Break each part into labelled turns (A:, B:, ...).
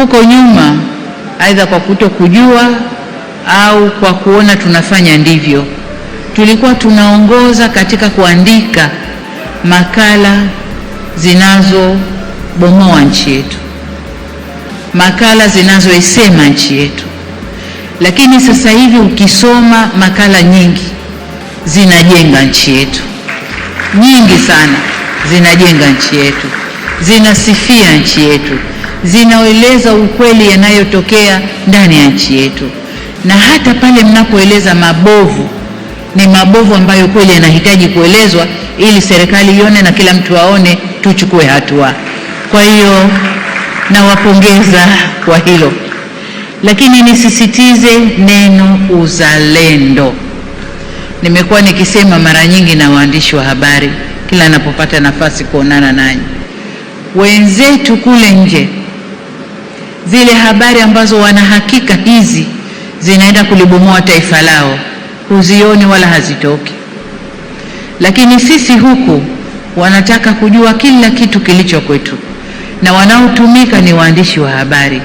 A: Huko nyuma, aidha kwa kuto kujua au kwa kuona tunafanya ndivyo, tulikuwa tunaongoza katika kuandika makala zinazobomoa nchi yetu, makala zinazoisema nchi yetu. Lakini sasa hivi ukisoma makala nyingi zinajenga nchi yetu, nyingi sana zinajenga nchi yetu, zinasifia nchi yetu zinaeleza ukweli yanayotokea ndani ya nchi yetu, na hata pale mnapoeleza mabovu, ni mabovu ambayo kweli yanahitaji kuelezwa ili serikali ione na kila mtu aone, tuchukue hatua. Kwa hiyo nawapongeza kwa hilo, lakini nisisitize neno uzalendo. Nimekuwa nikisema mara nyingi na waandishi wa habari kila anapopata nafasi kuonana nanyi, wenzetu kule nje zile habari ambazo wanahakika hizi zinaenda kulibomoa taifa lao huzioni wala hazitoki. Lakini sisi huku wanataka kujua kila kitu kilicho kwetu, na wanaotumika ni waandishi wa habari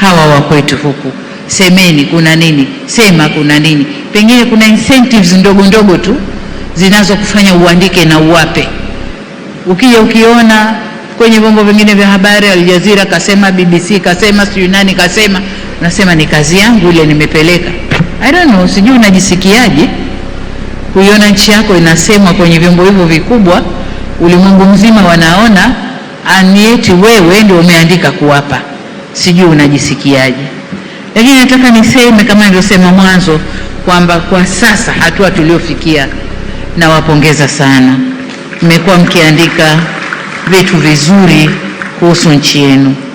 A: hawa wa kwetu huku. Semeni kuna nini, sema kuna nini. Pengine kuna incentives ndogo ndogo tu zinazokufanya uandike na uwape. Ukija ukiona kwenye vyombo vingine vya habari, Aljazira kasema, BBC kasema, sijui nani kasema. Nasema ni kazi yangu ile, nimepeleka. I don't know, sijui unajisikiaje kuiona nchi yako inasemwa kwenye vyombo hivyo vikubwa, ulimwengu mzima wanaona, anieti wewe ndio umeandika kuwapa. Sijui unajisikiaje, lakini nataka niseme kama nilivyosema mwanzo kwamba kwa sasa hatua tuliofikia, nawapongeza sana. Mmekuwa mkiandika vitu vizuri kuhusu nchi yenu.